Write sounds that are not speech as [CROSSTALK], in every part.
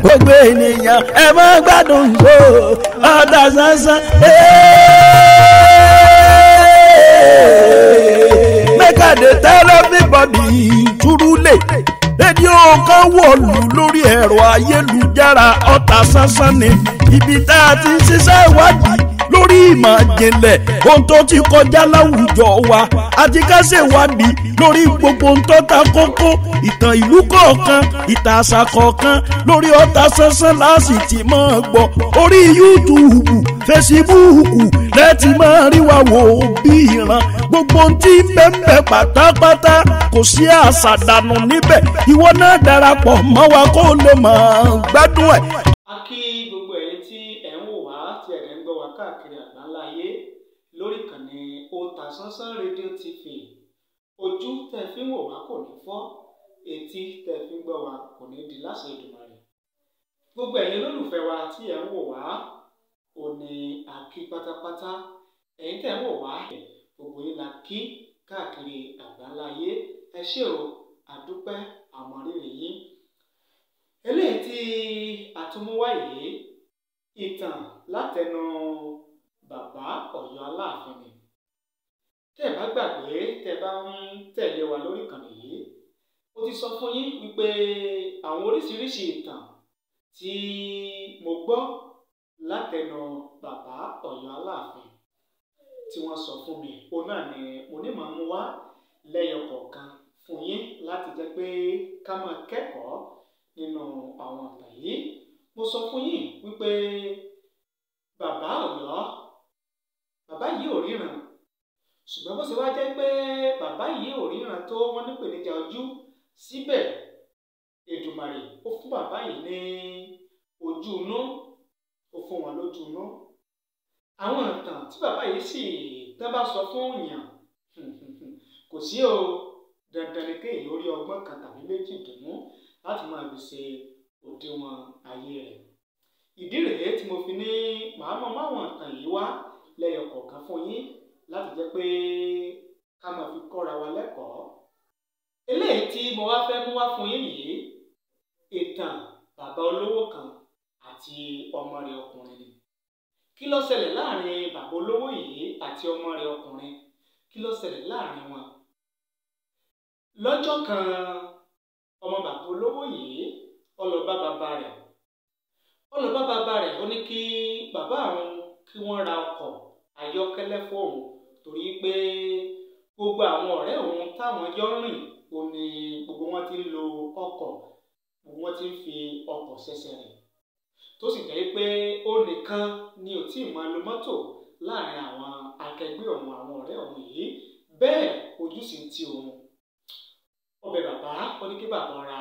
gbogbo ènìyàn ẹ mọ gbádùn tó ọ̀tà sánsán. make i dey tell everybody turule rédíò kan wọ̀lú lórí ẹ̀rọ ayélujára ọ̀tà sánsán ni ibi tá a ti ń ṣiṣẹ́ ìwádìí lórí ìmọ̀ ìjìnlẹ̀ ohun tó ti kọjá láwùjọ wa àti ká ṣèwádìí lórí gbogbo ohun tó ta kókó ìtàn ìlú kọ̀ọ̀kan ìtàn àṣà kọ̀ọ̀kan lórí ọ̀tà sánsán láàsì tí máa gbọ́ orí yúùtùbù fesibúùkù lẹ́ẹ̀tì máa rí wa wò ó bí ìran gbogbo ohun tí pátápátá kò sí àṣà dànù níbẹ̀ ìwọ náà darapọ̀ mọ́ wa kó lè máa gbádùn ẹ̀. ojú tẹ́ fi ń wò wá kò ní fọ́ etí tẹ́ fi ń gbọ́ wá kò ní di láṣẹ Èdùmàrè gbogbo ẹ̀yin olólùfẹ́ wa tí ẹ̀ ń wò wá ò ní àkí pátápátá ẹ̀yin tẹ́ ń wò wá gbogbo yín la kí káàkiri àgbáláyé ẹ ṣé o àdúpẹ́ àmọ̀rírì yín eléyìí tí àtúmúwá yìí ìtàn látẹnu bàbá Ọ̀yọ́ Aláàfin ni tẹ́ ẹ̀ bá gbàgbé tẹ́ ẹ bá ń tẹ̀lé wa lórí ìkànnì yìí mo ti sọ fún yín wípé àwọn oríṣiríṣi ìtàn tí mo gbọ́ látẹnu bàbá ọ̀yọ́ aláàfin tí wọ́n sọ fún mi òun náà ni onímọ̀ mú wá lẹ́yọ kọ̀ọ̀kan fún yín láti jẹ́ pé ká máa kẹ́kọ̀ọ́ nínú àwọn ìtàn yìí mo sọ fún yín wípé bàbá ọ̀yọ́ bàbá yìí ò ríran ṣùgbọ́n bó ṣe wá jẹ́ pé bàbá yìí ò ríran tó wọ́n ní pèníjà ojú síbẹ̀ Èdùmàrè ó fún bàbá yìí ní ojú inú ó fún wọn lójú inú àwọn ìtàn tí bàbá yìí sì tán bá sọ fún yàn [LAUGHS] kò sí o dandan ni kéèyàn ó rí ọgbọ́n kan tàbí méjì dùnmú láti máa fi ṣe òdiwọ̀n ayé rẹ̀ ìdí rèé tí mo fi ní màá mọ máwọn ìtàn yìí wá lẹ́yọ kọ̀ọ̀kan fún yín láti jẹ́ pé ká máa fi kọ́ra wa lẹ́kọ̀ọ́ eléyìí tí mo wá fẹ́ mú wá fún yín yìí ìtàn bàbá olówó kan àti ọmọ rẹ̀ ọkùnrin ni kí ló ṣẹlẹ̀ láàrin bàbá olówó yìí àti ọmọ rẹ̀ ọkùnrin kí ló ṣẹlẹ̀ láàrin wọn lọ́jọ́ kan ọmọ bàbá olówó yìí ó bàbá rẹ̀ ó bàbá rẹ̀ ó ní kí bàbá àwọn kí wọ́n ra ọkọ̀ ayọ́kẹ́lẹ́ fóun gbogbo àwọn ọ̀rẹ́ òun táwọn jọ ń rìn ó ní gbogbo wọn ti ń lo ọkọ̀ gbogbo wọn ti ń fi ọkọ̀ ṣẹ̀ṣẹ̀ rìn tó sì jẹ́ pé ó nìkan ni ò tí ì máa lo mọ́tò láàrin àwọn akẹgbẹ́ òun àwọn ọ̀rẹ́ òun yìí bẹ́ẹ̀ ojú sì ń ti òun ó bẹ̀ bàbá ó ní kí bàbá ra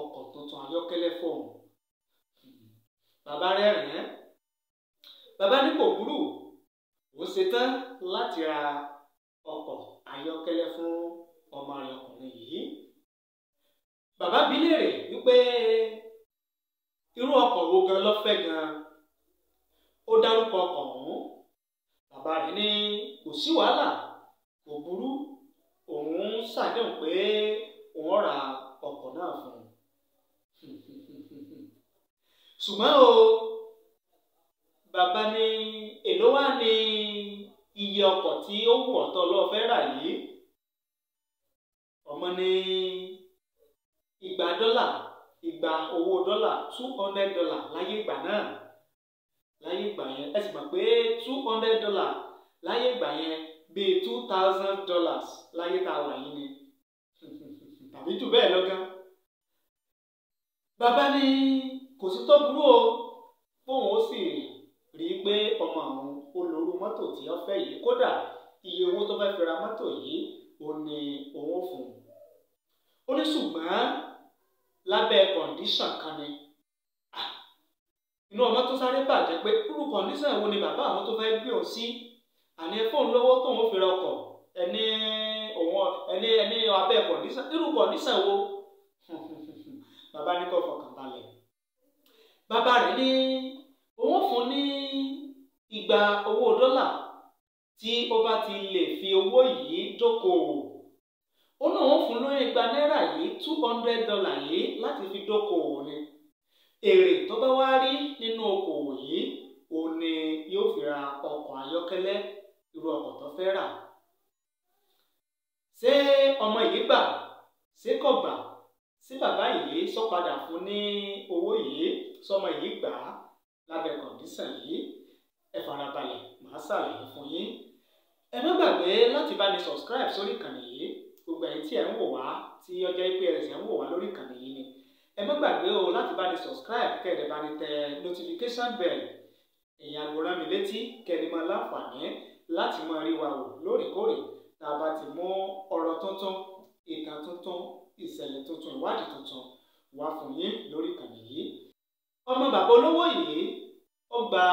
ọkọ̀ tuntun ayọ́kẹ́lẹ́ fóun bàbá rẹ́rìn-ín bàbá ní kò burú òun ṣetán láti ra àyọkẹ́lẹ́ fún ọmọ rẹ̀ ọkùnrin yìí bàbá bi wípé irú ọkọ̀ wo gan ló fẹ́ gan ó dárúkọ ọkọ̀ ọ̀hún bàbá rẹ̀ ní kò sí wàhálà kò burú òun ṣàdéhùn pé òun ra ọkọ̀ náà fún un [LAUGHS] ṣùgbọ́n o bàbá ní iye ọkọ̀ tí ó wù ọ̀tọ̀ lọ́ọ́ fẹ́ rà yìí ọmọ ní igba dọ́là igba owó dọ́là two hundred dollar láyé ìgbà náà láyé ìgbà yẹn ẹ sì mọ̀ pé two hundred dollar láyé ìgbà yẹn bíi two thousand dollars láyé tá a wà yìí ni [LAUGHS] tàbí jù bẹ́ẹ̀ lọ́gán. bàbá ní kò sí tó burú o fóun ó sì rí i pé ọmọ àwọn ó lorú mọ́tò tí ó fẹ́ yìí kódà iye owó tó fẹ́ fi ra mọ́tò yìí ó ní owó fún un. ó ní ṣùgbọ́n lábẹ́ kọ̀ǹdíṣàn kan ni inú ọmọ tó sáré bàjẹ́ pé irú kọ̀ǹdíṣàn wo ni bàbá àwọn tó fẹ́ gbé òun sí àní fóun lówó tóun fi ra ọkọ̀ ẹni òun ẹni ẹni abẹ́ kọ̀ǹdíṣàn irú kọ̀ǹdíṣàn wo [LAUGHS] bàbá ní kó fọkàn balẹ̀ bàbá rẹ̀ ní òun fún ní ìgbà owó dọ́là tí ó bá ti lè fi owó yìí dókòwò ó náà wọ́n fún lóyún igba náírà yìí two hundred dollar yìí láti fi dókòwò ni èrè tó bá wá rí nínú okòwò yìí òun ni yóò fi ra ọkọ̀ ayọ́kẹ́lẹ́ irú ọkọ̀ tó fẹ́ rà ṣé ọmọ yìí gbà ṣé kò gbà ṣé bàbá yìí sọ padà fún ní owó yìí sọmọ yìí gbà á ṣàlàyé fún yín ẹ má gbàgbé láti bá mi subscribe sórí ìkànnì yìí gbogbo ẹ̀yin tí ẹ ń wò wá tí ọjọ́ ìpè rẹ̀ ṣẹ̀ ń wò wá lórí ìkànnì yìí ni ẹ má gbàgbé o láti bá mi subscribe kẹ́ẹ̀dẹ̀ bá mi tẹ notification bell èyí àwòrán mi létí kẹ́ẹ̀dẹ̀ máa láǹfààní láti máa rí wa wò lóòrèkóòrè tá a bá ti mú ọ̀rọ̀ tuntun ìtàn tuntun ìṣẹ̀lẹ̀ tuntun ìwádìí tuntun wá fún yín lórí ìkànnì yìí ọmọ bàbá olówó yìí ó gba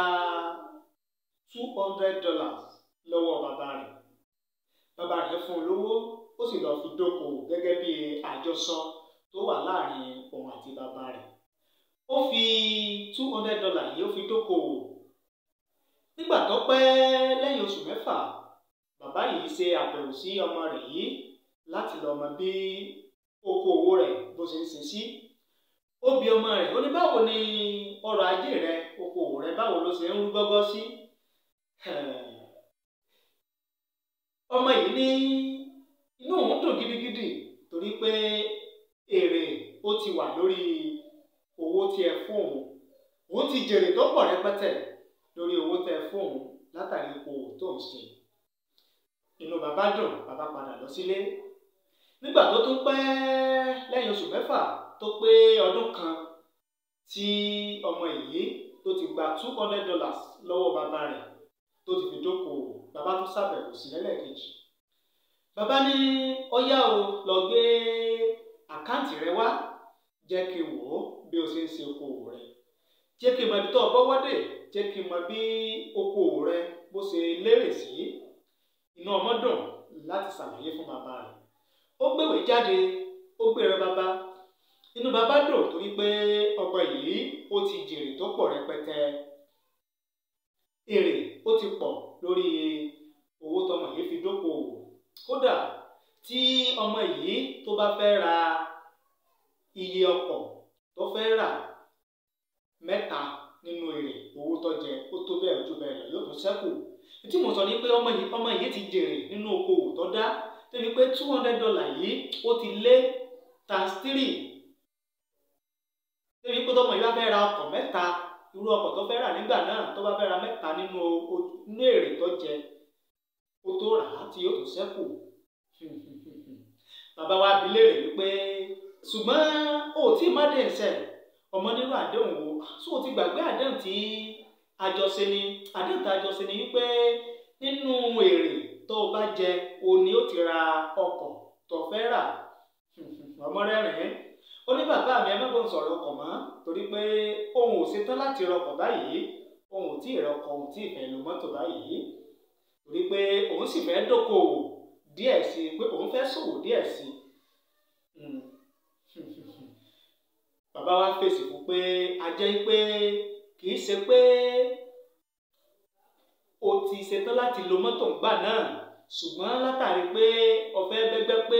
two hundred dollars lọ́wọ́ bàbá rẹ̀ bàbá rẹ̀ fún un lówó ó sì lọ́ọ́ fi dókòwò gẹ́gẹ́ bí àjọsọ tó wà láàrin òun àti bàbá rẹ̀ ó fi two hundred dollars yìí ó fi dókòwò nígbà tó pẹ́ lẹ́yìn oṣù mẹ́fà bàbá yìí ṣe àbẹ̀wò sí ọmọ rẹ̀ yìí láti lọ mọ bí oko òwò rẹ̀ bó ṣe ń ṣe sí ó bi ọmọ rẹ̀ ó ní báwo ni ọrọ̀ ajé rẹ̀ oko òwò rẹ̀ báwo ló ṣe ń rú gọ́gọ́ sí. Si [LAUGHS] ọmọ yìí ní inú òun dùn gidigidi torí pé èrè ó ti wà lórí owó tí ẹ fún òun òun ti jèrè tó pọ̀ rẹpẹtẹ lórí owó tẹ fún òun látàrí owó tó ń ṣe inú bàbá dùn bàbá padà lọ sílé nígbà tó tún pẹ́ lẹ́yìn oṣù mẹ́fà tó pé ọdún kan tí ọmọ yìí tó ti gba two hundred dollars lọ́wọ́ bàbá rẹ̀ tó ti fi dókòwò bàbá tún sí bàbá ní ọyá o lọ gbé àkáǹtì rẹ wá jẹ́ kí n wò ó bí o ṣe ń ṣe okòwò rẹ jẹ́ kí n mọ ibi tó bọ́wọ́ dé jẹ́ kí n mọ bí okòwò rẹ bó ṣe lérè sí inú ọmọ dùn láti ṣàlàyé fún bàbá rẹ ó jáde ó bàbá inú ó ti pọ̀ lórí owó tọmọ yìí fi dókòwò kódà tí ọmọ yìí tó bá fẹ́ ra iye ọkọ̀ tó fẹ́ rà mẹ́ta nínú èrè owó tó jẹ ó tó bẹ́ẹ̀ ojú bẹ́ẹ̀ lọ yóò tún ṣẹ́kù tí mo sọ ni pé ọmọ yìí ọmọ yìí ti jèrè nínú okòwò tó dá débi pé two hundred dollar yìí ó ti lé times three débi pé tọmọ yìí wá fẹ́ ra ọkọ̀ mẹ́ta irú ọkọ̀ tó fẹ́ rà nígbà náà tó bá fẹ́ ra mẹ́ta nínú inú èrè tó jẹ kó tó rà á tí yóò tó ṣẹ́kù [LAUGHS] bàbá wa bi léèrè wípé ṣùgbọ́n o ò tí ì má dé ẹ̀sẹ̀ ọmọ nínú àdéhùn wo so ah, o ti gbàgbé àdéhùn tí àjọṣe ni àdéhùn tí àjọṣe ni wípé nínú èrè tó o bá jẹ o ní o ti ra ọkọ̀ tó fẹ́ rà [LAUGHS] ọmọ rẹ̀ rìn ó ní bàbá mi ẹ má bò ń sọ̀rọ̀ ọkọ̀ mọ́ torí pé òun ò ṣetán láti rọkọ̀ báyìí òun ò tí ì rọkọ̀ òun tí ì fẹ́ mọ́tò báyìí torí pé òun sì fẹ́ dókòwò díẹ̀ sí i pé òun fẹ́ ṣòwò díẹ̀ sí i hmm. [LAUGHS] bàbá wa fèsì fún pé a jẹ́ pé kì í ṣe pé o ti ṣetán láti lo mọ́tò ńgbà náà ṣùgbọ́n látàrí pé ọ̀fẹ́ bẹ́gbẹ́ pé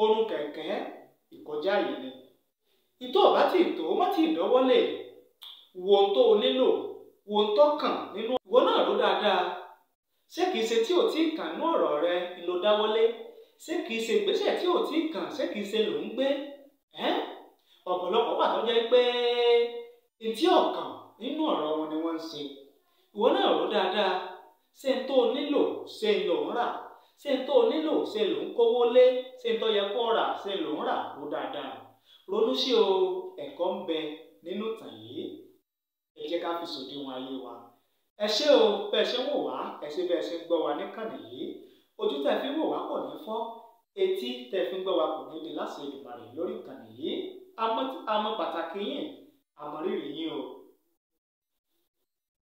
orun kẹ̀kẹ́ ìkọjá yìí ni ìtò ọ̀bá tí ìtò má ti ìdọ́wọ́lẹ̀ wo ohun tó o nílò wo ohun tó kàn nínú ìwọ náà ló dáadáa ṣé kìí ṣe tí ò tí ì kàn ní ọ̀rọ̀ rẹ ló dáwọ́lé ṣé kìí ṣe ìgbésẹ̀ tí ò tí ì kàn ṣé kìí ṣe ló ń gbé ọ̀pọ̀lọpọ̀ wà tó jẹ́ pé etí ọ̀kan nínú ọ̀rọ̀ wọn ni wọ́n ń ṣe ìwọ náà rò dáadáa ṣé n tó nílò ṣé n lòún rà ṣé n tó nílò ṣé ló ń kówó lé ṣé n tó yẹ kó rà ṣé ló ń rà ó dáadáa ronú sí o ẹ̀kọ́ ń bẹ nínú tàn yìí ẹ jẹ́ ká fi sòdiwọ̀n ayé wa ẹ ṣé o bẹ́ẹ̀ ṣe ń wò wá ẹ ṣé bẹ́ẹ̀ ṣe ń gbọ́ wa níkànnì yìí ojú tẹ̀ fi ń wò wá kò ní fọ́ etí tẹ̀ fi ń gbọ́ wa kò ní di láti ìdùnnà rẹ̀ lórí ìkànnì yìí àmọ́ pàtàkì yín àmọ́ rírì yín o